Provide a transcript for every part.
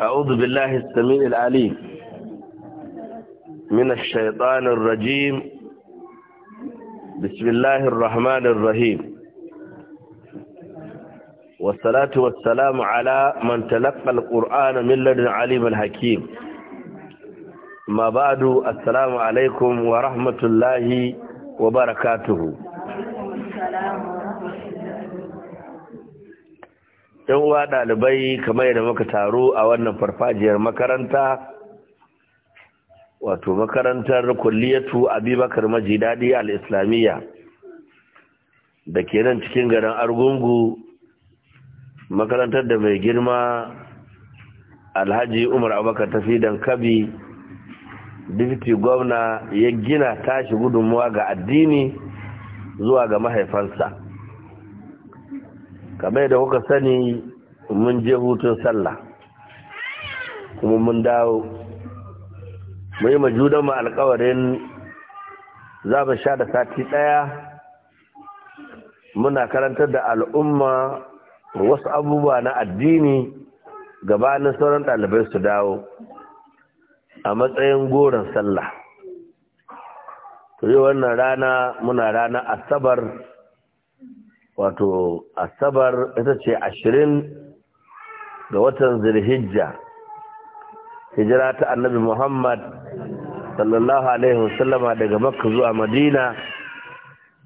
أعوذ بالله السميع العليم من الشيطان الرجيم بسم الله الرحمن الرحيم والصلاة والسلام على من تلقى القرآن من لدن عليم الحكيم ما بعد السلام عليكم ورحمة الله وبركاته yan uwa ɗalibai kamar yadda muka taro a wannan farfajiyar makaranta wato makarantar kulliyatu abubakar majidadi al-islamiyya da ke nan cikin garin argungu makarantar da mai girma alhaji umar abubakar tafi dan kabi dipti gwamna ya gina tashi gudunmuwa ga addini zuwa ga mahaifansa kamar da kuka sani mun je hutun sallah kuma mun dawo mu yi mu alkawarin za mu sha da sati ɗaya muna karantar da al'umma wasu abubuwa na addini gabanin sauran ɗalibai su dawo a matsayin goron sallah to yi wannan rana muna rana asabar wato asabar ita ce ashirin ga watan zirhijja hijira ta annabi muhammad sallallahu alaihi wasallama daga makka zuwa madina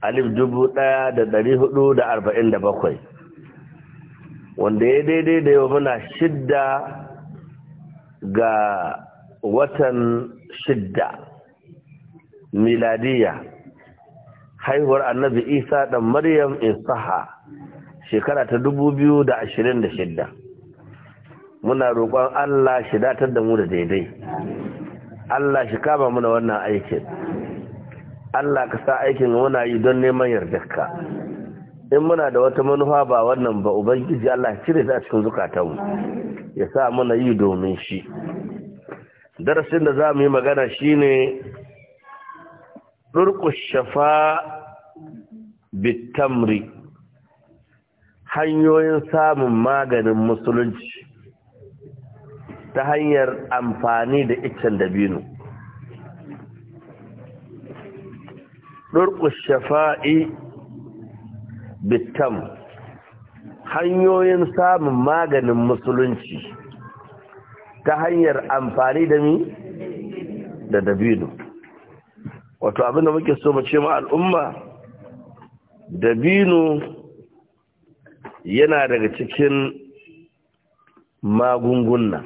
alif dubu ɗaya da dari hudu da arba'in da bakwai wanda ya daidai da yau muna shidda ga watan shidda miladiyya haihuwar annabi isa dan maryam isaha shekara ta da shidda. muna roƙon allah shi datar da mu da daidai allah shi kama muna wannan aikin allah ka sa aikin muna yi don neman yarda ka. in muna da wata manufa ba wannan ba ubangiji allah cire ta a cikin zukatanmu ya sa muna yi domin shi darasin da za mu yi magana shine ne shafa bitamri hanyoyin samun maganin musulunci ta hanyar amfani da iccen dabino ɗurƙus shafa'i bitam hanyoyin samun maganin musulunci ta hanyar amfani da mi da dabino wato abinda muke so mu ce ma al'umma dabino yana daga cikin magunguna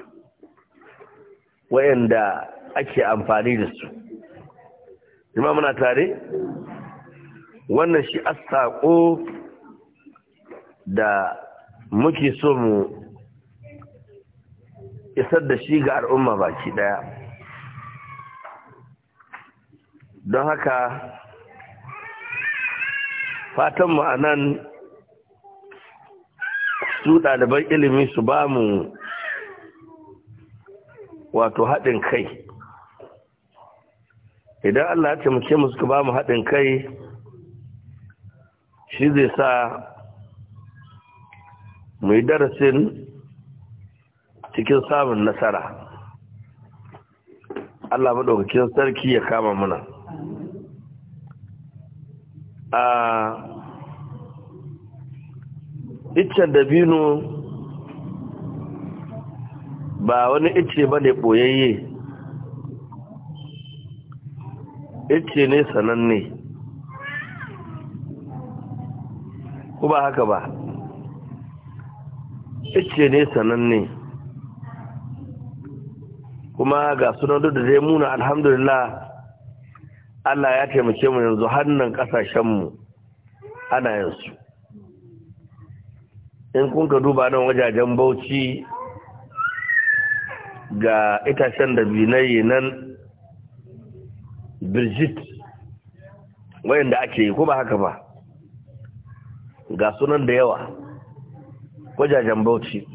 wayanda ake amfani da su jima muna tare wannan shi asako da muke so mu isar da shi ga al'umma baki daya don haka fatan mu nan su ɗaliban ilimi su ba mu wato haɗin kai idan Allah ya ce mu suka ba mu haɗin kai shi zai sa mu yi darasin cikin samun nasara Allah maɗaukakin sarki ya kama muna a iccen dabino ba wani icce ba ne ɓoyayye icce ne sananne ko ba haka ba icce ne sananne kuma ga sunan da zai muna alhamdulillah Allah ya taimake mu yanzu hannun kasashenmu ana yansu in kun ka duba nan wajajen bauchi ga itacen da binayi nan birgit wayanda ake yi ba haka ba ga sunan da yawa wajajen bauchi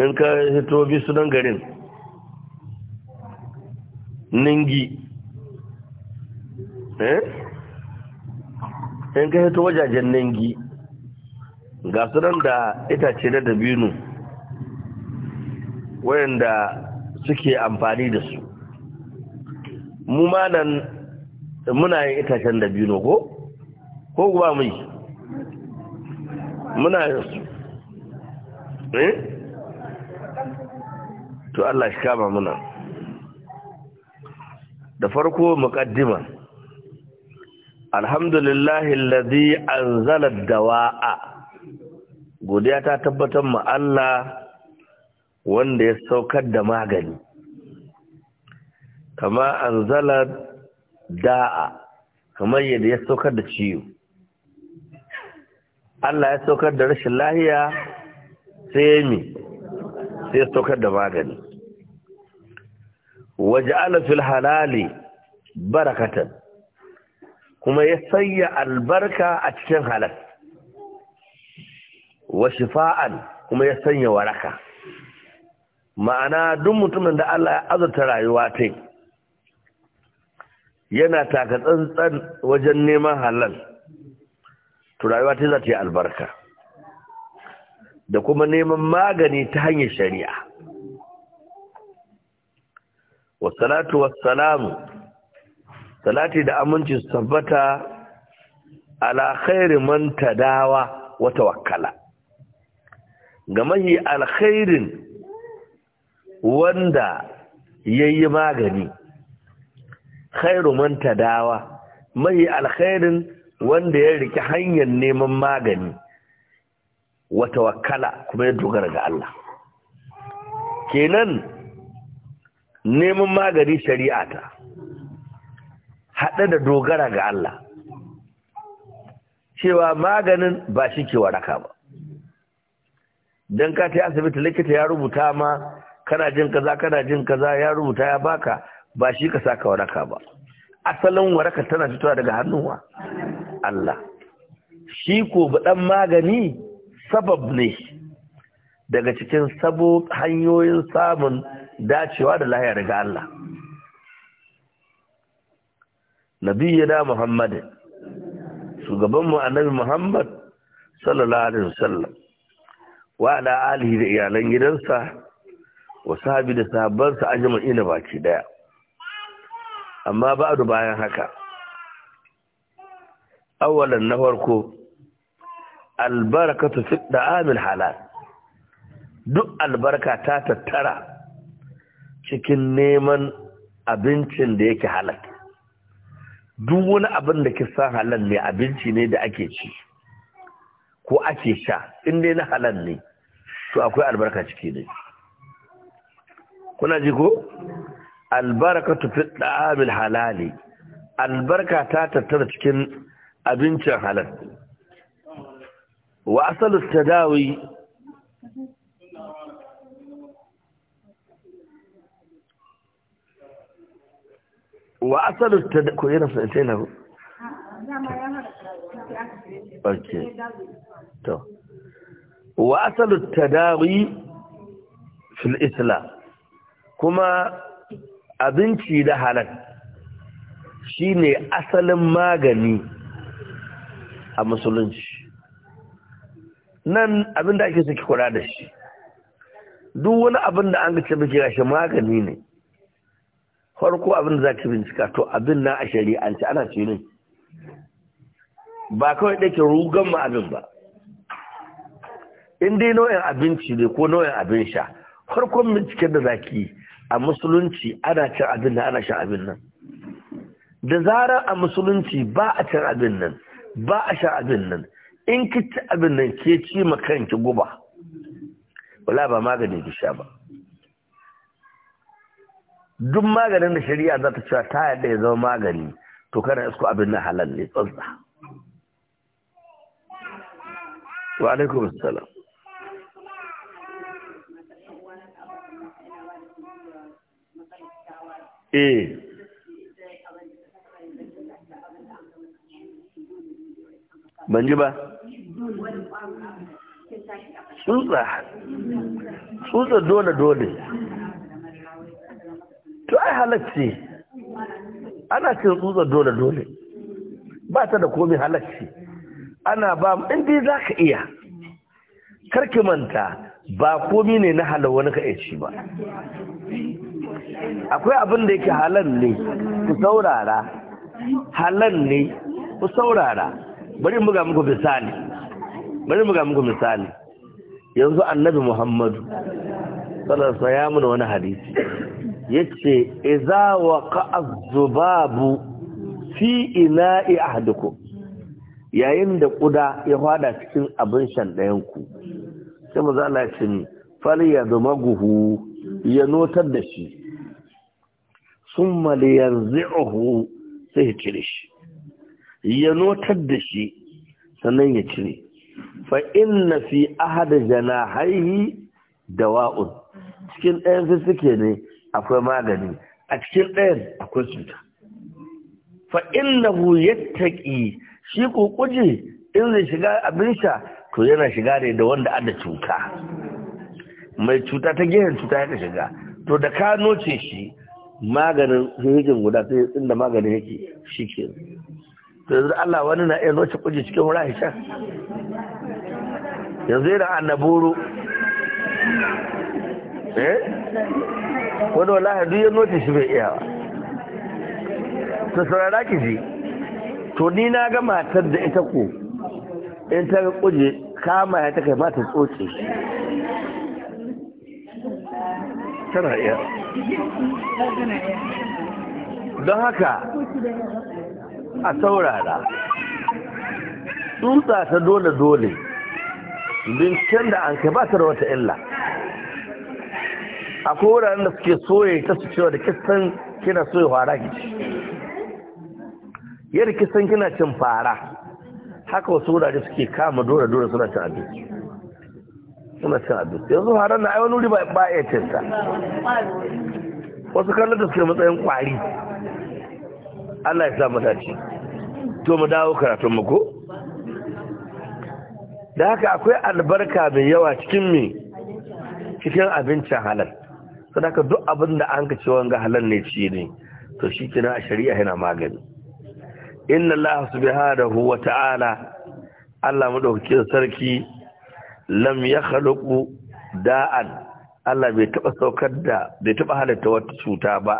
in ka hito bi sunan garin ningi eh in ka hito wajajen nangi ga su nan da itace na dabino wayanda suke amfani da su mu ma nan muna yin itacen dabino ko ko kuma mai muna yin su eh to Allah shi kama muna da farko muqaddima alhamdulillahi alladhi zala dawa'a godiya ta tabbatar mu Allah wanda ya saukar da magani kama an zala da'a kamar yadda ya saukar da ciwo Allah ya saukar da rashin lahiya sai ya mi sai ya saukar da magani waja'ala fil halali barakatan kuma ya sanya albarka a cikin halal wa shifa'an kuma ya sanya waraka ma'ana duk mutumin da Allah ya azurta rayuwa ta yana taka tsantsan wajen neman halal to rayuwa ta za ta yi albarka da kuma neman magani ta hanyar shari'a wasalatu wasalamu salati da aminci su tabbata ala khairi man tadawa wa tawakkala ga mahi alkhairin wanda yayi magani khairu man tadawa mai alkhairin wanda ya riki hanyar neman magani wa tawakkala kuma ya dogara ga Allah kenan neman magani shari'ata. ta haɗe da dogara ga Allah cewa maganin ba shi ke waraka ba don ka ta asibiti likita ya rubuta ma kana jin kaza kana jin kaza ya rubuta ya baka ba shi ka saka waraka ba asalin waraka tana fitowa daga hannuwa Allah shi ko ɗan magani sabab ne daga cikin sabo hanyoyin samun dacewa da lahiyar ga Allah nabiyyina muhammadin shugabanmu annabi muhammad sallallahu alaihi wasallam wa ala alihi da iyalan gidansa wa sahabi da sahabbansa ina baki daya amma ba'du bayan haka awalan na farko albarakatu fi da'amil halal duk albarka ta tattara cikin neman abincin da yake halal duk wani abin da kisa halal ne abinci ne da ake ci ko ake sha in dai na halal ne to akwai albarka ciki ne kuna ji ko albarakatu fi da'amil halali albarka ta tattara cikin abincin halal wa asalu tadawi wa asalu ku yi rasu sai na ok to wa asalu dawi fil islam kuma abinci da halal shine asalin magani a musulunci nan abin da ake suke kula da shi duk wani abin da an ga ce muke gashi magani ne farko abin da za ka bincika to abin na a shari'anci ana cinin ba kawai ɗake rugan ma abin ba in dai nau'in abinci ne ko nau'in abin sha farkon binciken da zaki a musulunci ana cin abin nan ana shan abin nan da zarar a musulunci ba a cin abin nan ba a shan abin nan in ki ci abin nan ke ci ma kanki guba wala ba magani ki sha ba duk maganin da shari'a za ta cewa ta yadda ya zama magani to kana isko abin na halal ne tsantsa wa alaikum assalam eh ban ji ba tsutsa tsutsa dole dole to ai halacci ana cin tsutsar dole dole ba ta da komai halacci ana ba in dai za ka iya karki manta ba komi ne na halar wani ka ci ba akwai abin da yake halar ne ku saurara halar ne ku saurara bari muga muku misali bari muga muku misali yanzu annabi muhammadu sallallahu alaihi wasallam ya wani hadisi yace iza waqa az-zubabu fi ina'i ahdukum yayin da kuda ya fada cikin abin shan ɗayan ku sai maza Allah ya ce fal ya ya notar da shi summa liyanzihu sai ya cire shi ya notar da shi sannan ya cire fa inna fi ahad janahihi dawa'un cikin ɗayan suke ne akwai magani a cikin ɗayan akwai cuta fa innahu yattaqi shi kukuje in zai shiga abin sha to yana shiga ne da wanda ada cuta mai cuta ta gehen cuta ya shiga to da ka noce shi maganin hikin guda sai inda maganin yake shi ke to yanzu Allah wani na iya noce kuje cikin wura sha yanzu yana annaburu eh wani wallahi duk ya noce shi bai iya ta saurara ki ji to ni na ga matar da ita ko in ta kuje kama ya ta kai ba tsoce tana iya don haka a saurara tsutsa ta dole dole binciken da an kai ba ta da wata illa akwai wuraren da suke soye ta su cewa da kisan kina soye fara ki yadda kisan kina cin fara haka wasu wurare suke kama dora dora suna cin abinci suna cin abinci yanzu fara na aiwani wuri ba a cin ta wasu kallon da suke matsayin kwari Allah ya sa mata ce to mu dawo karatun mu ko da haka akwai albarka mai yawa cikin me cikin abincin halal sadaka duk abin da an ka ce wanga halal ne ci ne to shi kina a shari'a yana magani inna allaha subhanahu wa ta'ala Allah madaukakin sarki lam ya da'an Allah bai taba saukar da bai taba halatta wata cuta ba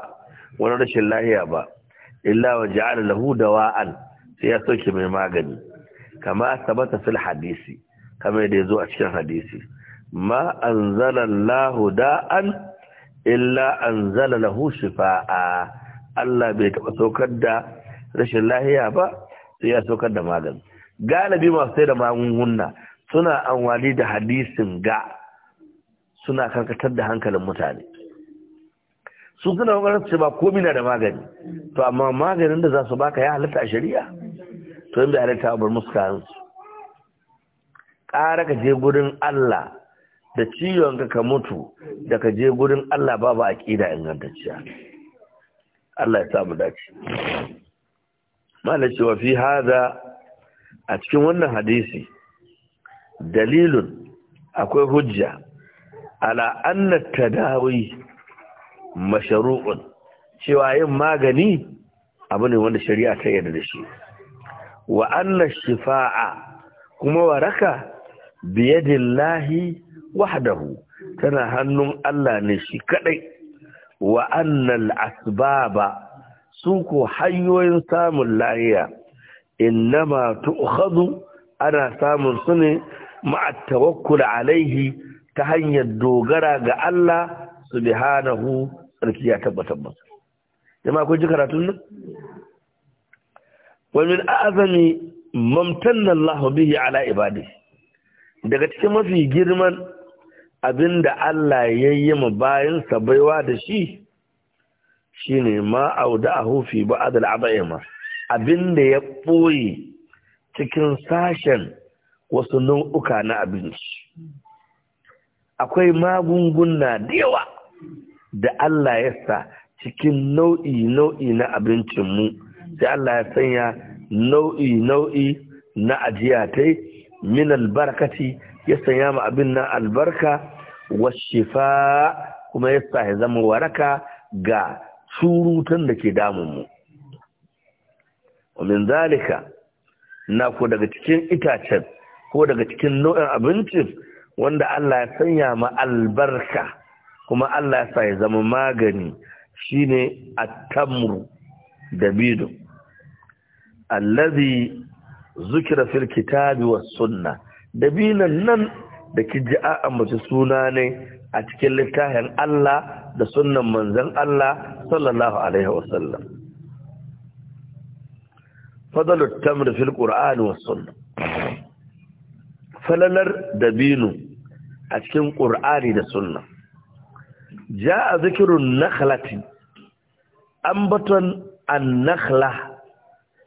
wani rashin lahiya ba illa wa ja'ala lahu dawa'an sai ya sauke mai magani kama sabata fil hadisi kama ya zo a cikin hadisi ma anzala da'an illa anzala lahu shifaa Allah bai taɓa saukar da rashin lahiya ba sai ya saukar da magani galibi masu sai da magunguna suna anwali da hadisin ga suna karkatar da hankalin mutane su suna kokarin su ba komai na da magani to amma maganin da za su baka ya halatta a shari'a to in bai halatta bar musu ƙara ka je gurin Allah da ciwon ka ka mutu da ka je gurin Allah babu ƙida ingantacciya Allah ya samu dace mala cewa fi hada a cikin wannan hadisi dalilun akwai hujja ala anna tadawi masharu'un, cewa yin magani abu ne wanda shari'a ta yarda da shi wa anna shifa'a kuma waraka biyadillahi wahdahu tana hannun Allah ne shi kadai wa annal asbaba su ko hanyoyin samun lahiya innama tu'khadhu ana samun su ne ma'a tawakkul alaihi ta hanyar dogara ga Allah subhanahu sarki tabbatar masa jama'a kun ji karatun nan wa min a'zami mamtanna Allah bihi ala ibadi daga cikin mafi girman Abin da Allah ya yi ma bayansa baiwa da shi shine ma auda a hufi ba adal Abin da ya ɓoye cikin sashen wasu nau'uka na abinci akwai magunguna da yawa da Allah ya sa cikin nau'i nau'i na abincinmu da Allah ya sanya nau'i nau'i na ajiya tai min albarkati ya sanya ma abin nan albarka washefa kuma ya sa ya zama waraka ga surutan da ke damunmu min zalika na ko daga cikin itacen ko daga cikin nau'in abincin wanda Allah ya sanya ma albarka kuma Allah ya sa ya zama magani shine a tamru dabido allazi zukira fil kitabi was sunna dabinan nan da ki ji a ambaci suna ne a cikin littafin Allah da sunan manzon Allah sallallahu alaihi wasallam fadalut tamr fil qur'ani was falalar dabinu a cikin ƙur'ani da sunna Ja a nakhlati ambaton an-nakhla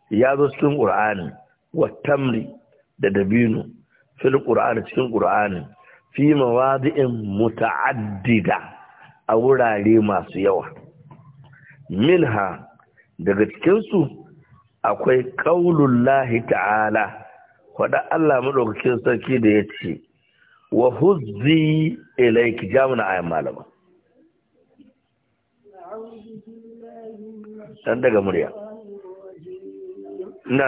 ya zo cikin ƙur'ani wa tamri da dabinu fil qur'ani cikin qur'ani fi mawadi'in muta'addida a wurare masu yawa minha daga cikinsu akwai qaulullahi ta'ala wada Allah madaukakin sarki da ya ce wa huzzi ilayki jamuna ayan malama dan daga murya na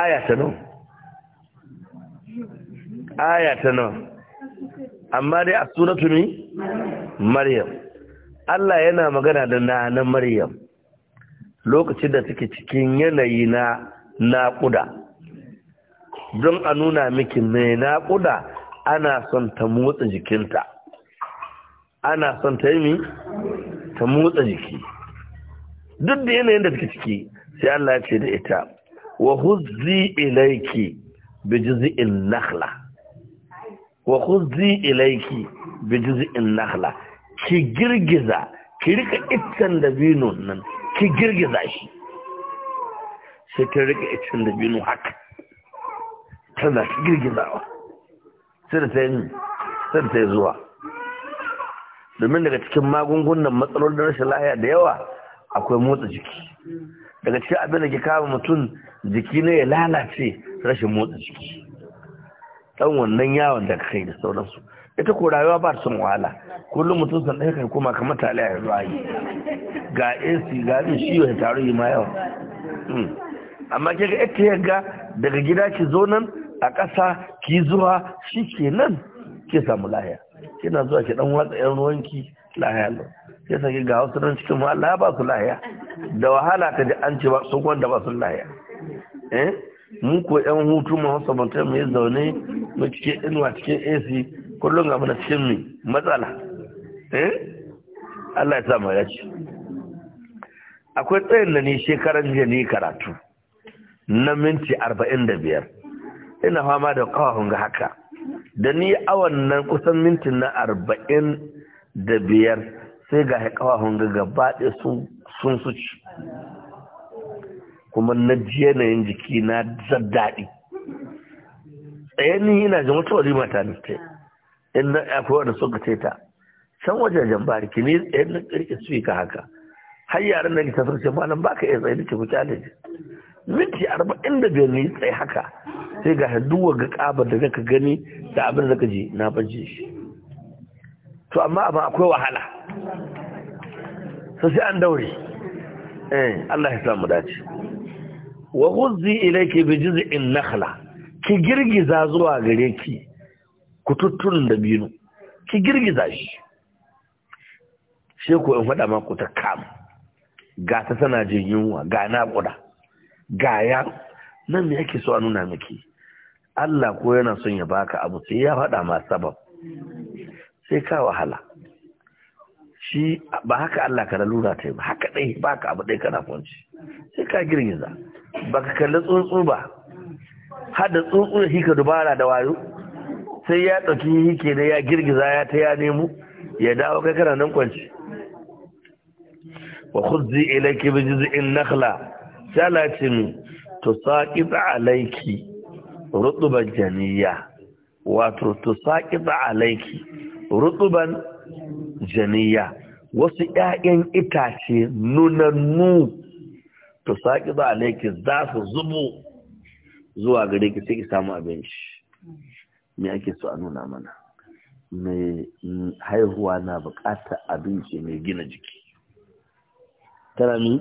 aya ta nan aya ta nan amma dai a suratu ne maryam Allah yana magana da na nanan maryam lokacin da take cikin yanayi na naƙuda don a nuna miki mai naƙuda ana son ta motsa jikinta ana son ta yi ta motsa jiki duk da yanayin da take ciki sai Allah ya ce da ita wa huzzi ilayki bi juz'in nakhla wa ki girgiza ki rika iccen dabino nan ki girgiza shi sai ki rika iccen dabino haka tana girgizawa sai da ta yi zuwa domin daga cikin magungunan matsalolin rashin lahiya da yawa akwai motsa jiki daga cikin abin da ke kama mutum jiki ne ya lalace rashin motsa jiki dan wannan yawon da kai da sauransu ita ko rayuwa ba son wahala kullum mutum san ɗaya kai kuma kamar taliya ya a yi ga ac ga abin shi ya taru ma yawa hmm. amma ke ga ita yaga daga gida ki zo nan a ƙasa ki zuwa shi ke nan ki samu lahiya kina zuwa ki ɗan watsa yan ruwanki lahiya lau sai sake ga wasu nan cikin mu ba su lahiya da wahala ka ji an ce ba su wanda ba su lahiya eh mu ko yan hutu mu hausa ban mu yi zaune mu cike inuwa cikin AC kullum ga muna cikin mu matsala eh Allah ya sa mu dace akwai tsayin da ni shekaran jiya ni karatu na minti arba'in da biyar ina fama da kawahun ga haka da ni awan nan kusan mintin na arba'in da biyar sai ga haƙawahun ga gaba ɗaya sun suci kuma na ji yanayin jiki na zaddaɗi tsayani yana jin wata wani mata na ce in na akwai wanda suka ce ta can wajajen bari ki ne tsayen na ƙirƙi su ka haka har yaran da ke tafar ce nan ba ka iya tsaye da ke kuta minti arba'in da biyar ne tsaye haka sai ga duwa ga ƙabar da ka gani da abin da ka ji na baje shi to amma abin akwai wahala su sai an daure eh Allah ya samu dace wa huzzi ilayki bi juz'in nakhla ki girgiza zuwa gare ki kututtun da binu ki girgiza shi sheku in faɗa maku ta kam ga ta sana jin yunwa ga na naƙuda ga ya nan me yake so a nuna miki Allah ko yana son ya baka abu sai ya faɗa ma sabab sai ka wahala shi ba haka Allah ka lura ta yi ba haka ɗai ba ka abu ɗai kana kunci sai ka girgiza ba ka kalli tsuntsu ba hada tsuntsu da hika dubara da wayo sai ya ɗauki hike da ya girgiza ya ta ya nemo ya dawo kai kana nan kwanci wa khudzi ilayki bi juz'in nakhla salatin tusaqit alayki rutuban janiyya wato tusaqit alayki rutuban janiya wasu ‘ya'yan itace nunannu to saƙi a laiki za su zubo zuwa gare ki sai ki samu abin shi me ake so a nuna mana mai haihuwa na buƙatar abinci mai gina jiki tana ni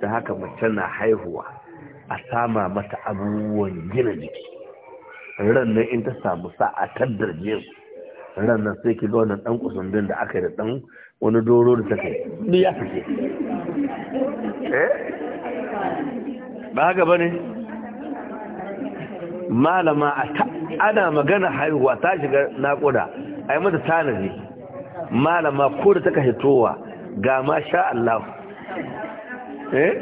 ta haka mace na haihuwa a sama mata abubuwan gina jiki ran in ta samu sa a darje su ran nan sai ki ga wannan dan kusundin da aka yi da dan wani doro da take ni ya fice eh ba haka bane malama ana magana haihuwa ta shiga naƙuda a yi mata tanadi malama ko da take hitowa ga ma sha Allah eh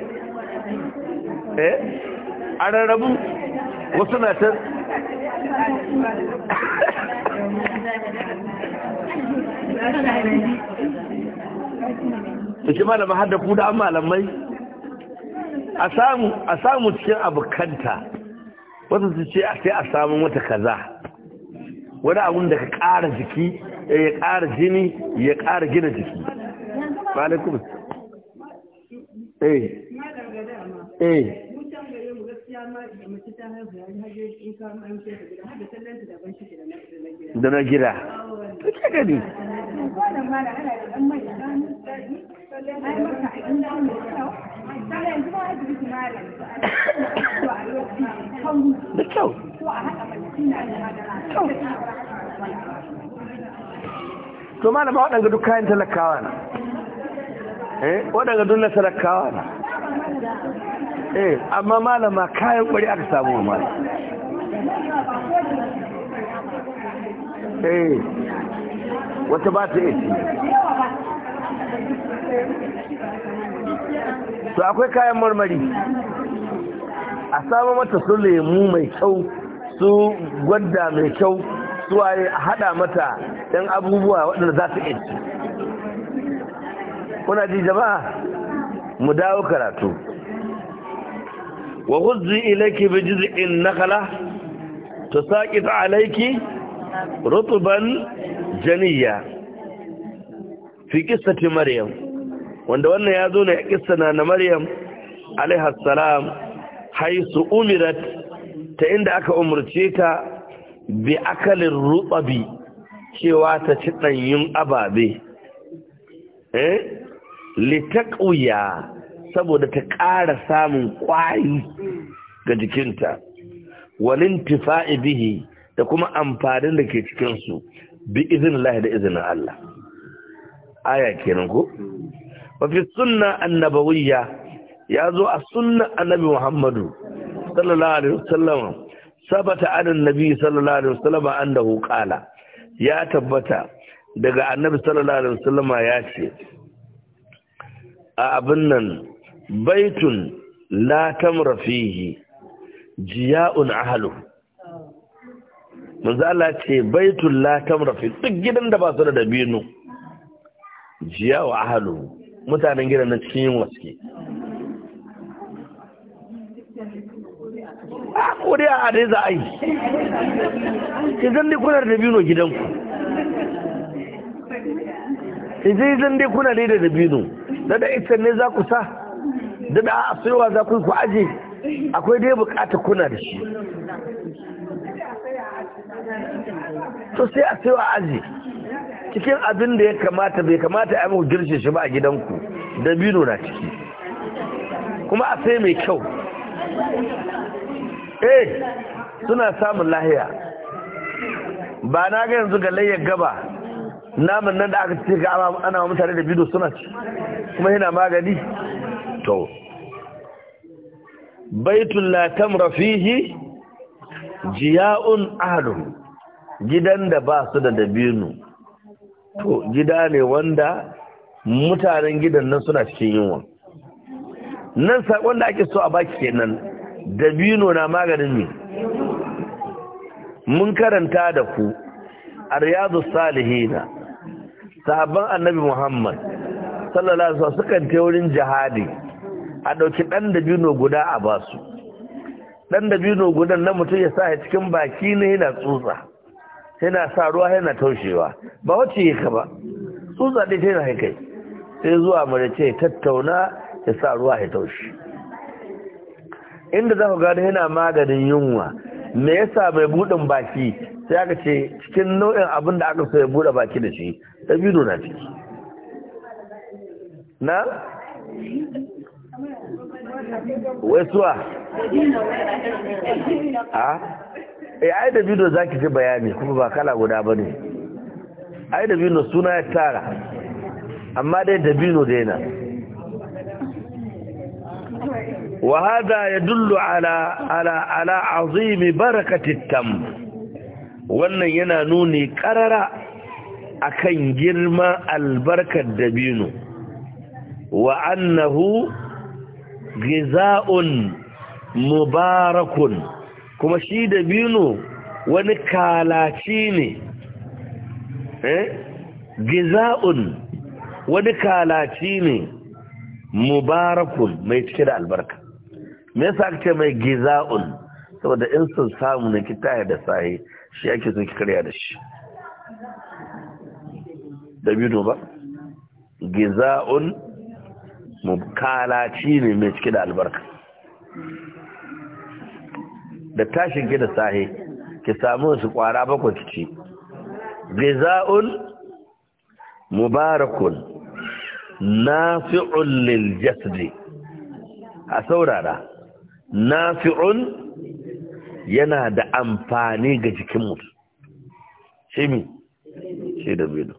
eh an wasu na ta da malama har da ku an malamai a samu cikin abokanta wata su ce sai a samun wata kaza wani abun da ka ƙara jiki eh, ya ƙara jini ya ƙara gina jiki eh eh gida da mace ta haihu ya haje in ka gida hada sallan ta daban shi da na gida da na gida ma da ana da dan mai dan ai maka a inda sallan ma malam da kyau a hada mace na da to waɗanda duk kayan talakawa na eh waɗanda duk na talakawa na eh amma malama kayan kwari aka samu wa eh wata ba ta yi to akwai kayan marmari a samu mata su lemu mai kyau su gwada mai kyau suwaye a hada mata yan abubuwa waɗanda za su yi kuna ji jama'a mu dawo karatu wa huzzi ilayki bi juz'in nakhla tusaqit alayki rutuban janiya fi qissati maryam wanda wannan ya zo ne a kissa na maryam alaiha salam haisu umirat ta inda aka umurce ta bi akalin rutabi cewa ta ci ɗanyun ababe eh litaƙuya saboda ta ƙara samun ƙwari ga jikinta walin bihi da kuma amfanin da ke cikinsu bi izin lahi da izinin Allah aya kenan ko mafi sunna annabawiyya ya zo a sunna annabi muhammadu sallallahu alaihi wasallam sabata anan nabi sallallahu alaihi wasallam annahu qala ya tabbata daga annabi sallallahu alaihi wasallam ya ce a abin nan baitun la tamra fihi jiya'un ahlu manzo Allah ce baitul la tamra fi duk gidan da ba su da dabino jiya'u ahlu mutanen gidan nan cikin yunwa suke a kore a adai za a yi idan dai kuna da dabino gidanku idan dai kuna da dabino dada da ita ne za ku sa da a sayowa za ku ku aje akwai dai bukata kuna da shi to sai a sayo aji. cikin abin da ya kamata bai kamata a yi girshe shi ba a gidanku da bino na ciki kuma a sai mai kyau eh suna samun lahiya ba na ga yanzu ga layyar gaba naman nan da aka ce ga ana mutane da bido suna ci kuma yana magani to baitun latam rafihi jiya'un adun gidan da ba su da dabinu to gida ne wanda mutanen gidan nan suna cikin yunwa nan sakon da ake so a baki kenan dabino na maganin ne mun karanta da ku a riyadu salihina sahabban annabi muhammad sallallahu alaihi wasallam sukan ta wurin jihadi a ɗauki ɗan dabino guda a basu ɗan dabino guda na mutum ya sa ya cikin baki ne yana tsutsa yana sa ruwa yana taushewa ba wacce yi ka ba tsutsa ɗai ta yana haikai sai zuwa mara ce tattauna ya sa ruwa ya taushe inda za ku gano yana maganin yunwa me yasa mai buɗin baki sai aka ce cikin nau'in abin da aka fi ya bude baki da shi dabino na ciki na wai suwa a eh ai dabino zaki ji bayani kuma ba kala guda ba ne. ai dabino suna ya tara amma dai dabino dai na وهذا يدل على على على عظيم بركه التمر wannan yana nuni karara akan girma albarkar dabino wa annahu giza'un mubarakun kuma shi dabino wani kalaci ne eh? giza'un wani kalaci ne mubarakun mai cike da albarka me yasa ake mai giza'un saboda in sun samu ne kita da sahi shi ake so karya da shi Da dabino ba giza'un mukalaci ne mai cike da albarka da tashin ki da sahi ki samu su kwara bakwai kici. giza'un mubarakun nafi'un lil jasdi a saurara nafi'un yana da amfani ga jikin mutum shi mi shi da bido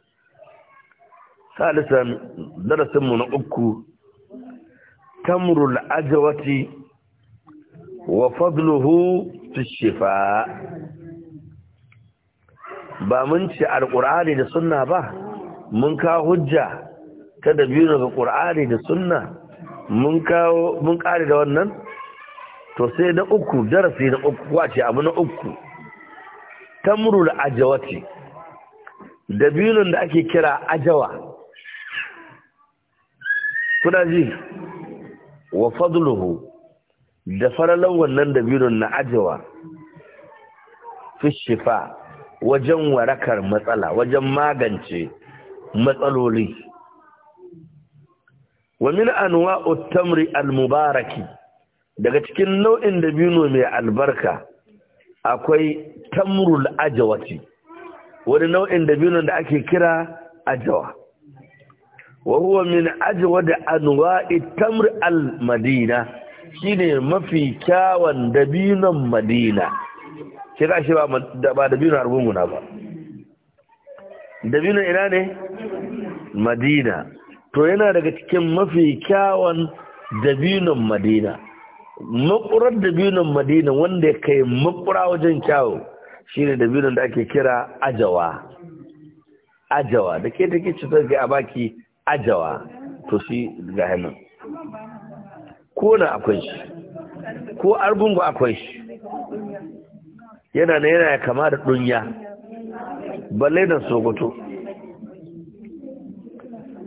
salisan darasinmu na uku tamrul ajawati wa fadluhu fi shifa ba mun ci alqur'ani da sunna ba mun kawo hujja ta da biyu daga qur'ani da sunna mun kawo mun kare da wannan to sai na uku darasi na uku wace abu na uku tamrul ajawati dabilun da ake kira ajawa kuna ji wa fadluhu da faralan wannan dabilun na ajawa fi shifa wajen warakar matsala wajen magance matsaloli wa min anwa'ut tamri al-mubaraki daga cikin nau'in dabino mai albarka akwai tamrul ajawati wani nau'in dabino da ake kira ajawa wa huwa min ajwa da anwa'i tamr al madina shine mafi kyawun dabinon madina ga shi ba dabino argunguna ba dabino ina ne madina to yana daga cikin mafi kyawan dabinon madina makurar dabinon madina wanda ya kai makura wajen kyawu ne dabinon da ake kira ajawa ajawa da ke take cutar a baki ajawa to shi ga hannun ko na akwai shi ko argungu akwai shi yana na yana kama da dunya balle da sokoto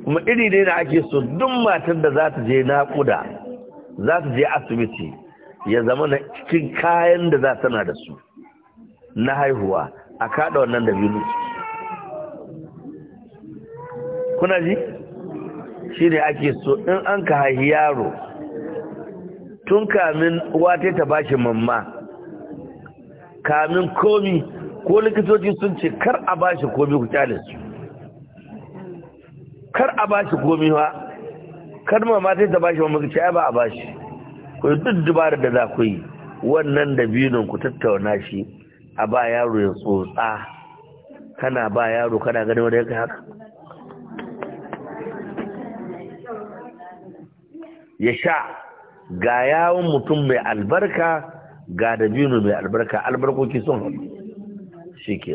kuma iri ne da ake so duk matar da za ta je naƙuda za su je asibiti ya zama na cikin kayan da za tana da su na haihuwa a kada wannan da biyu kuna ji shi ne ake so in an ka haihi yaro tun kamin wata ta bashi mamma kamin komi ko likitoci sun ce kar a bashi komi ku kyale su kar a bashi komi ba kalmar ma sai ta bashi ba muka ce ai ba a bashi ku duk dubarar da za ku yi wannan dabinin ku tattauna shi a ba yaro ya tsotsa kana ba yaro kana ganin wani yanka haka ya sha ga yawon mutum mai albarka ga dabino mai albarka albarkoki sun hannu shi ke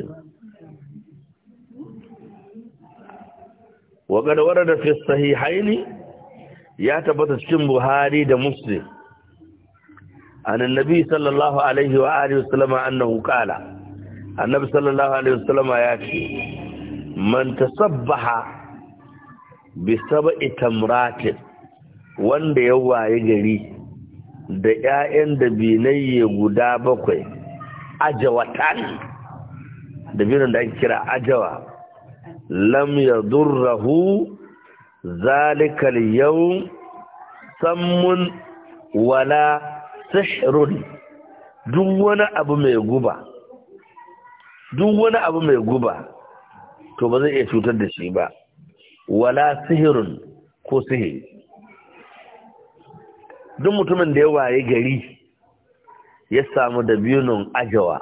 waƙar wadda fi sahihaini ya tabbata cikin buhari da muslim an annabi sallallahu alaihi wa alihi wasallama annahu qala annabi sallallahu alaihi wasallama ya ce man tasabbaha bi sab'i tamratin wanda ya waye gari da ƴaƴan da binayye guda bakwai ajawatan da binan da ake kira ajawa lam yadurruhu zalikal yau sammun wala sashirun duk wani abu mai guba duk wani abu mai guba to ba zai iya cutar da shi ba wala sihirun ko sihiri duk mutumin da ya waye gari ya samu da dabinun ajawa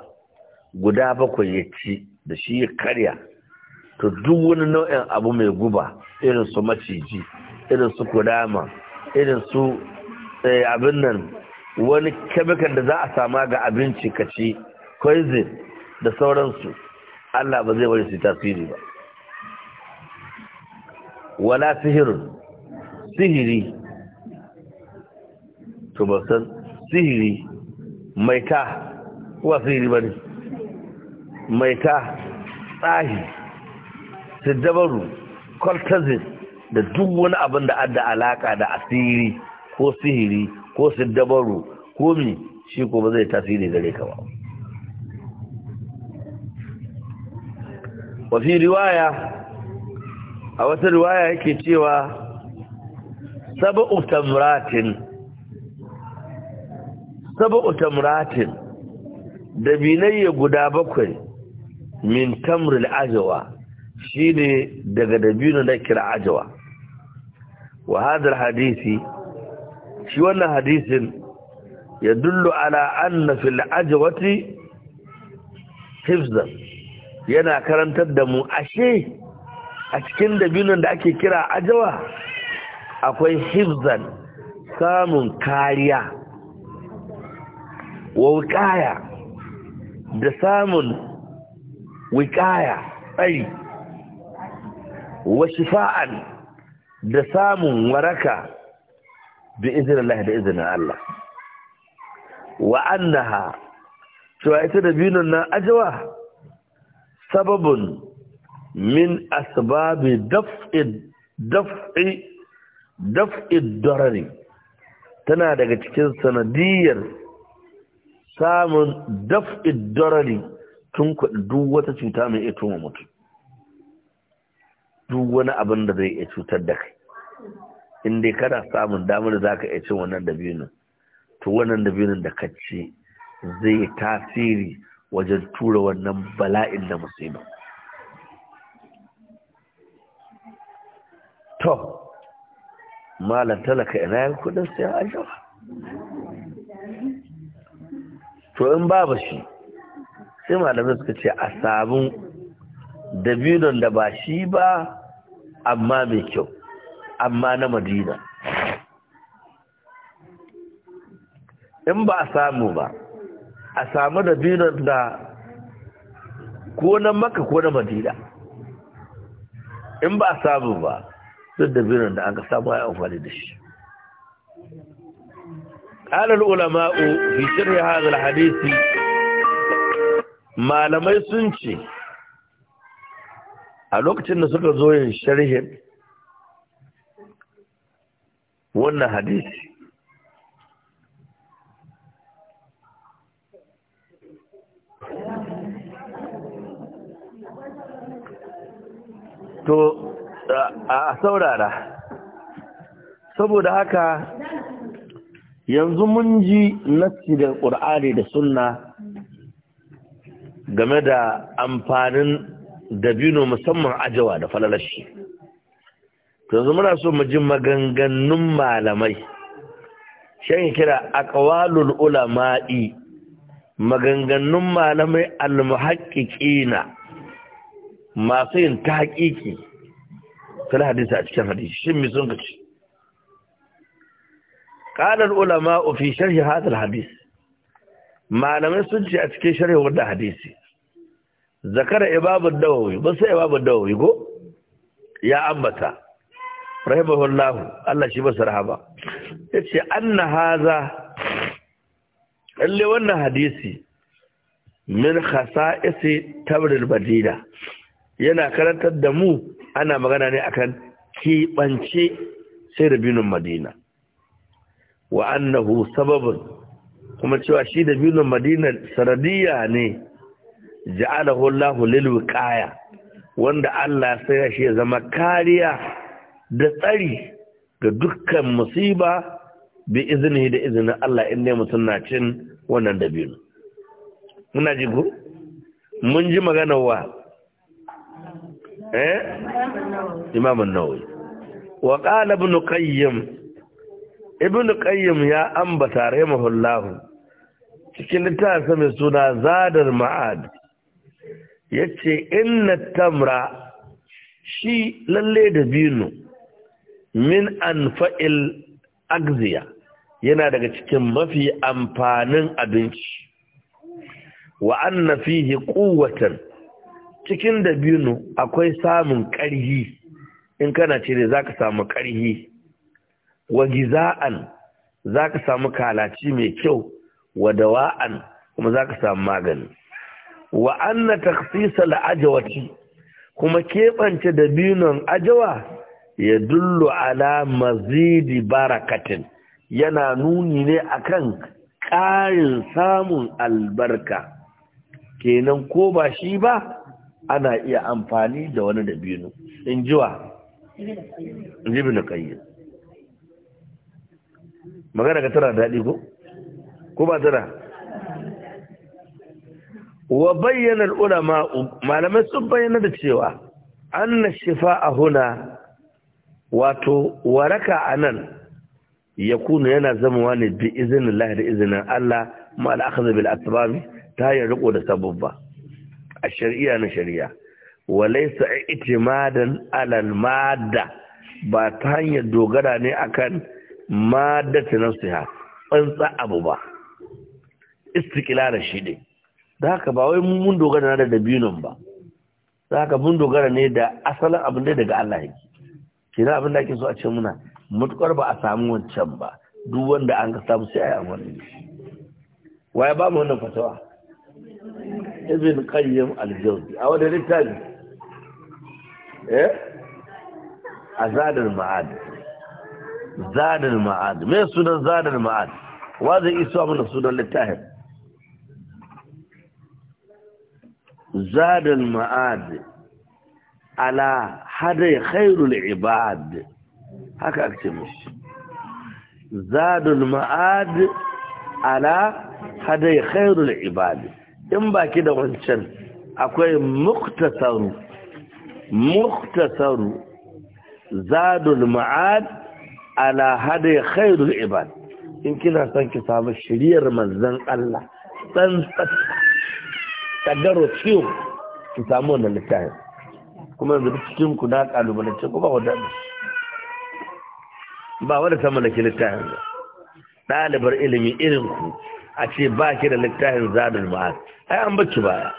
guda bakwai ya ci da shi ya karya to duk wani nau'in abu mai guba irin su maciji irin su kudama irin su eh, abin nan wani kemikal da za a sama ga abinci kaci poison da sauransu Allah ba zai bari su tasiri ba wala sihirin sihiri to ba san sihiri mai ta kuwa sihiri ba ne mai ta tsahi siddabaru cultism da duk wani abin da adda alaka da asiri ko sihiri ko siddabaru ko mi shi ko ba zai tasiri gare ka ba wafi riwaya a wata riwaya yake cewa sab'u tamratin sab'u tamratin da binayya guda bakwai min tamrul ajwa shine daga dabino na kira ajawa wa hadar hadisi shi wannan hadisin ya dullu ala anna fil ajawati hifzan yana karantar da mu ashe a cikin dabinon da ake kira ajawa akwai hifzan samun kariya wa wikaya da samun wiƙaya. tsari wa shifa'an da samun waraka bi izinin da izinin Allah wa annaha cewa ita da biyun nan ajiwa sababun min asbabi daf'i daf'i daf'i darari tana daga cikin sanadiyar samun daf'i darari tun wata cuta mai ito mutum duk wani abin da zai iya cutar da kai in dai kana samun damar za ka iya cin wannan dabinin to wannan dabinin da ka ce zai tasiri wajen tura wannan bala'in da musulman to malam talaka ina yin kudin sayan ajiyar to in babu shi sai malamai suka ce a sabon. dabinon da ba shi ba amma mai kyau amma na madina in ba a samu ba a samu dabinon da ko na maka ko na madina in ba a samu ba duk dabinon da ka samu ya amfani da shi قال ulama'u fi shirya hadisi malamai sun ce a lokacin da suka zo yin sharhin wannan hadisi to a saurara saboda haka yanzu mun ji nassi da ƙur'ani da sunna game da amfanin dabino musamman ajawa da falalashi to yanzu muna so mu ji maganganun malamai shan kira aqwalul ulama'i maganganun malamai almuhaqqiqina masu yin tahqiqi fil hadisi a cikin hadisi shin me sun gaci qala ulama fi sharh hadha al hadisi. malamai sun ce a cikin sharhi wannan hadisi zakara ibabun nawawi ba sai ibabun nawawi go? ya ambata rahimahullahu Allah shi masa rahama yace anna hadha lalle wannan hadisi min khasa'isi tabril madina yana karantar da mu ana magana ne akan kibance sirbinin madina wa annahu sababun kuma cewa shi da binin madina sanadiyya ne ja'alahu Allah lil wiqaya wanda Allah sai ya shi zama kariya da tsari ga dukkan musiba bi iznihi da izinin Allah in ne mutum na cin wannan dabino muna ji ku mun ji magana wa eh Imam an-Nawawi wa qala ibn Qayyim ibn Qayyim ya ambata rahimahullah cikin littafin mai suna Zadar Ma'ad ya ce inna tamra shi lalle da binu min anfa'il agziya yana daga cikin mafi amfanin abinci wa anna fihi quwwatan cikin da binu akwai samun ƙarhi in kana cire zaka samu ƙarhi wa giza'an zaka samu kalaci mai kyau wa dawa'an kuma zaka samu magani wa anna takhsis al-ajwati kuma kebance dabinon ajawa ya dullu ala mazidi barakatin yana nuni ne akan ƙarin samun albarka kenan ko ba shi ba ana iya amfani da wani dabino in jiwa ibn qayyim magana ka tana daɗi ko ko ba tara wa bayyana ulama malamai sun bayyana da cewa anna shifa a huna wato waraka anan, nan ya kuna yana zamawa ne bi izinin Allah da izinin Allah ma al'akaza bil asbabi ta yin riko da sababba a shari'a na shari'a wa laysa itimadan alal madda ba ta hanyar dogara ne akan madda ta nasiha tsantsa abu ba istiqlalar shi ne da haka ba wai mun dogara da dabinon ba da haka mun dogara ne da asalin abin da daga Allah yake shi na abin da ake so a ce muna mutukar ba a samu wancan ba duk wanda an ka samu sai a yi amfani da shi waye ba mu wannan fatawa ibn qayyim al-jawzi a wani littafi eh azadul ma'ad zadul ma'ad me sunan zadul ma'ad wa zai iso mana sunan littafin zadal ma'ad ala hadai khairul ibad haka ake ce mishi zadul ma'ad ala hadai khairul ibad in baki da wancan akwai muktasaru muktasaru zadul ma'ad ala hadai khairul ibad in kina son ki samu shiriyar manzon Allah tsantsan kaddaro ciwo ki samu wannan littafin kuma yanzu duk cikin ku na kalubalance ko ba wanda ba wani sama da ki littafin ɗalibar ilimi irin ku a ce ba ki da littafin zadul ma'ad ai an bacci baya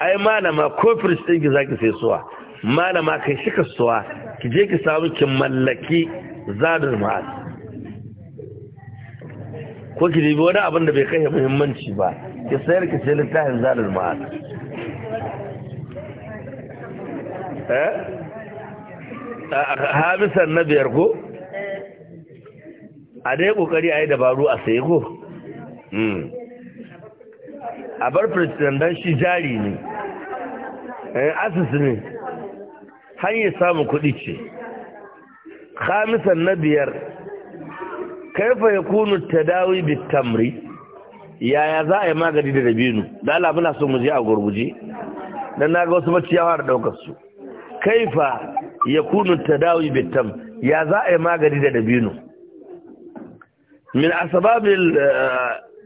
ai malama ko firistin ki zaki sai suwa malama kai shika suwa ki je ki samu ki mallaki zadul ma'ad ko ki dibi wani abin da bai kai muhimmanci ba ki sayar ki sai littafin zalil ma'ad eh hamisan na biyar ko a dai kokari a yi dabaru a sayi ko hmm. a bar president dan shi jari ne eh, asisi ne hanyar samun kuɗi ce hamisan na biyar kaifa ya kunu tadawi bitamri yaya za a yi magani da dabino da Allah muna so mu je a gurguje dan naga wasu maciyawa da daukar su kaifa yakunu tadawi bitam ya za a yi magani da dabino min asbabil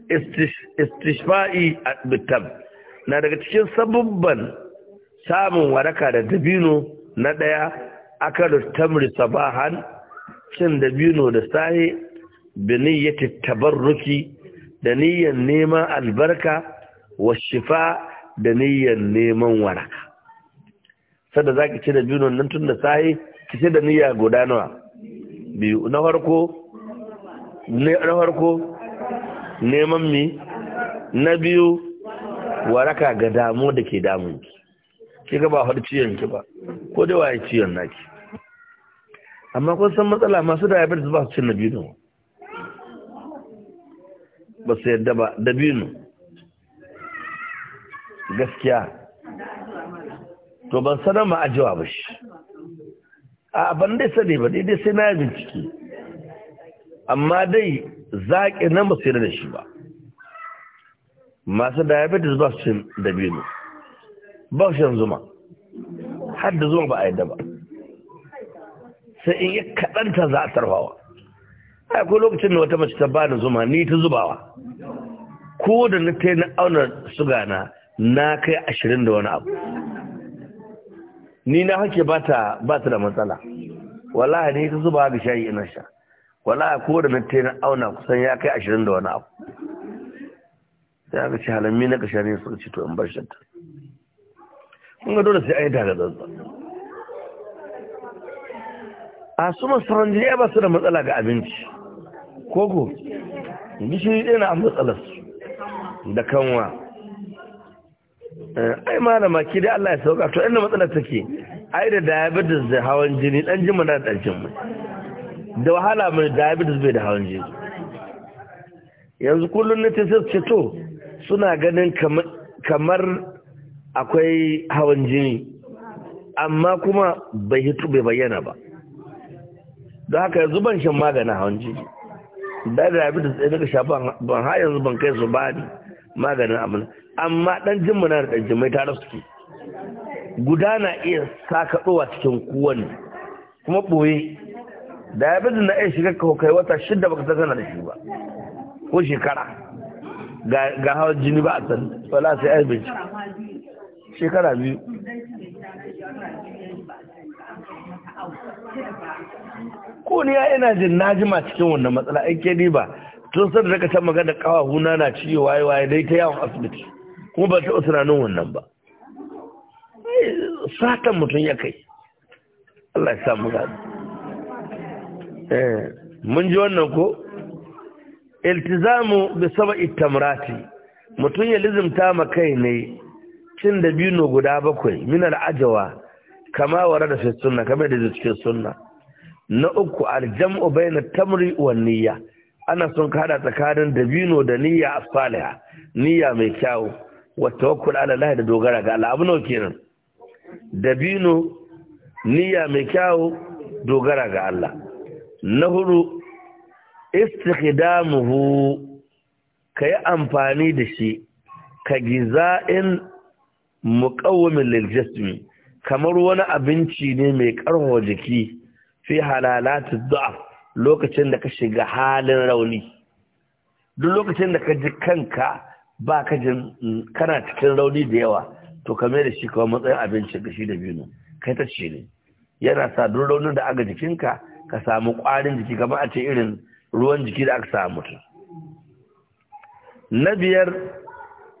eh, istishfa'i bitam na daga cikin sabubban samun waraka da dabino na daya da tamri sabahan cin dabino da sahi biniyyati tabarruki da niyyar neman albarka wa shifa da niyyar neman waraka sada za ki ci da junon nan tun da sahi ki ci da niyya guda nawa biyu na farko na farko neman mi na biyu waraka ga damu da ke damun ki kika ba har ciyon ki ba ko da waye ciyon naki amma kun san matsala masu da ya diabetes zuba su cin na biyu ba su yadda ba binu gaskiya to ban sanar ma ajiwa ba shi a ban dai sani ba dai sai na yi bincike amma dai zaƙi nan ba su yadda da shi ba masu diabetes ba su cin binu ba su shan zuma har da zuma ba a yadda ba sai in yi kaɗanta za a tarfawa akwai lokacin da wata mace ta da zuma ni ta zubawa ko da na ta na auna sugana na kai ashirin da wani abu ni na hake ba ta da matsala wallahi ni ta zuba ga shayi ina sha wallahi ko da na ta na auna kusan ya kai ashirin da wani abu Ya aka ce halammi na kashe ne suka to in bar shanta kun ga dole sai an yi daga tsantsan a su ranjiya ba su da matsala ga abinci koko gishiri ɗaya na matsalar da kanwa eh, ai malama maki dai Allah ya sauka to inda matsalar take ai da diabetes da hawan jini dan jima da dan jima da wahala mai diabetes bai da hawan jini yanzu kullun ne ta sai to suna ganin kamar akwai hawan jini amma kuma bai hito bai bayyana ba don haka yanzu ban shan maganin hawan jini da da diabetes ɗaya daga shafa ban har yanzu ban kai su bani maganin abin amma ɗan jimma na da ɗan jima'i tare su guda na iya sakaɗowa cikin kowanne kuma ɓoye diabetes na iya shiga kai wata shidda baka san kana da shi ba ko shekara ga hawan jini ba a san wala sai ai bincike shekara biyu ko ni ya ina jin najima cikin wannan matsala ai ke ba tun sai da ka magana huna na ciye waye waye dai ta yawon asibiti kuma ba ta tunanin wannan ba satan mutum ya kai Allah ya sa mu gani eh, mun ji wannan ko iltizamu bi sab'i tamrati mutum ya lizimta ma kai ne cin da bino guda bakwai min ajawa. kama wara da sunna kama da cikin sunna na uku aljam'u bayna tamri wa niyya ana son ka hada tsakanin dabino da niyya asaliha niyya mai kyau wa tawakkul ala Allah da dogara ga Allah abu kenan dabino niyya mai kyau dogara ga Allah na hudu istikhdamuhu kai amfani da shi ka giza'in muqawwimin lil kamar wani abinci ne mai karho jiki fi halalati du'af lokacin da ka shiga halin rauni duk lokacin da ka ji kanka ba ka jin mm, kana cikin rauni da yawa to ka da shi kawai matsayin abinci ga shi da binu kai ta ce ne yana sa duk raunin da aga jikinka ka samu kwarin jiki kamar a ce irin ruwan jiki da aka samu mutum na biyar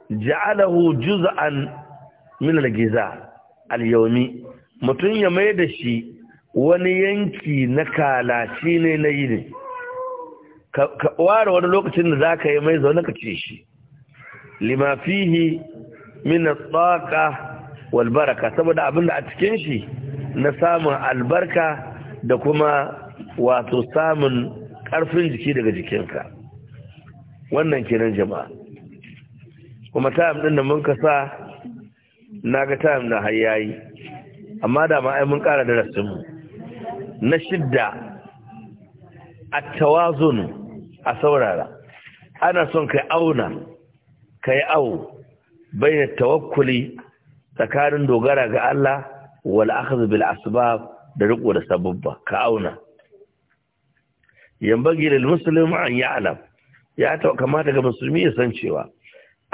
ja'alahu juz'an min al-giza al-yawmi mutum ya mai da shi wani yanki na kalaci ne na yi ne ka ware wani lokacin da za ka yi mai zaune ka ce shi limafihi mina min tsaka wal baraka saboda abinda a cikin shi na samun albarka da kuma wato samun ƙarfin jiki daga jikinka wannan kenan jama'a kuma tayam din da mun kasa ga tayam na hayayi amma da ma ai mun kara darasin mu na shidda a tawazun a saurara ana son ka auna ka yi awo bayan tawakkuli tsakanin dogara ga Allah wala aka bil asbab da riko da sababba ka auna yambagi lil muslim an ya'lam ya ta kamata ga musulmi ya san cewa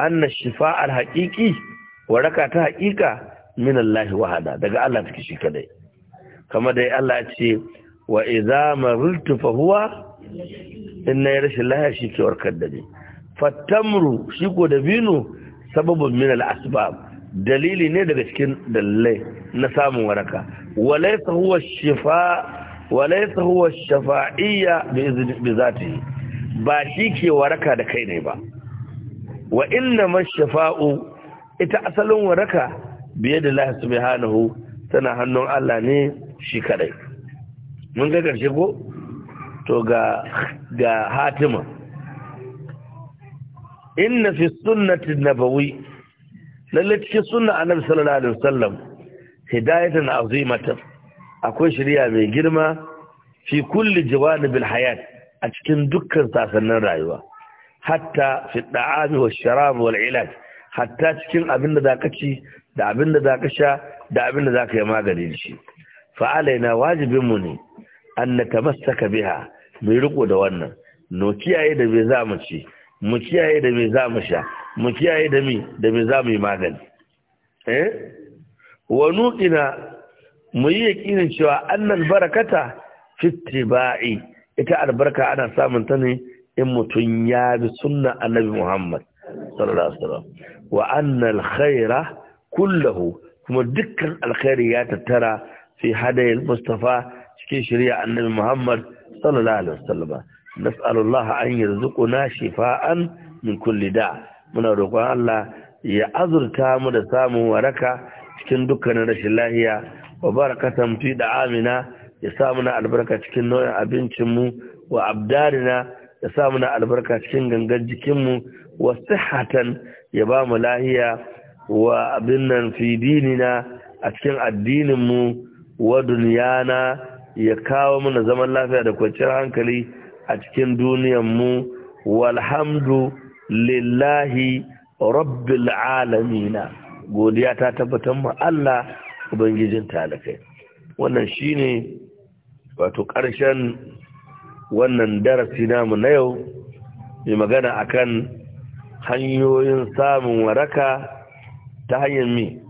na shifa al haqiqi waraka ta haƙiƙa, min Allah wahada daga Allah take shi kadai kamar da Allah ya ce wa idza mariltu fa huwa inna rashin lahiya shi ke warkar da ni fatamru shi ko da bino sababin min al asbab dalili ne daga cikin dalilai na samun waraka walaysa huwa shifa walaysa huwa shafa'iyya bi zatihi ba shi ke waraka da kai ne ba wa inna shafa'u ita asalin waraka biye da Allah subhanahu tana hannun Allah ne shi kadai mun ga karshe ko to ga ga hatima inna fi sunnati nabawi lalle cikin sunna annabi sallallahu alaihi wasallam hidayatan azimatan akwai shari'a mai girma fi kulli jawanibil hayat a cikin dukkan sasannin rayuwa hatta fi da'ami wa sharab wal ilaj hatta cikin abinda da zaka ci da abinda zaka sha da abinda zaka yi magani da shi fa'alaina wajibinmu ne an na tamassaka biha mai riko da wannan no kiyaye da me za mu ci mu kiyaye da me za mu sha mu kiyaye da mi da me za mu yi magani eh wa nuqina mu yi yakinin cewa annal barakata fi tibai ita albarka ana samun ta ne in mutun ya bi sunna annabi Muhammad sallallahu alaihi wasallam wa annal khaira kullahu kuma dukkan alkhairi ya tattara fi hadayin mustafa cikin shirya annabi muhammad sallallahu alaihi wasallama nas'alullah an yarzuquna shifaan min kulli da muna roƙon Allah ya azurta mu da samun waraka cikin dukkanin rashin lahiya wa barakatan fi Amina ya sa muna albarka cikin nau'in abincin mu wa abdarina ya sa muna albarka cikin gangan jikin mu wa sihatan ya ba mu lahiya wa abin nan fi dinina a cikin addinin mu wa duniyana ya kawo mana zaman lafiya da kwanciyar hankali a cikin duniyar mu walhamdu lillahi rabbil alamina godiya ta tabbatar mu Allah ubangijin talakai wannan shine wato ƙarshen wannan darasi namu na yau mai magana akan hanyoyin samun waraka ta hanyar mi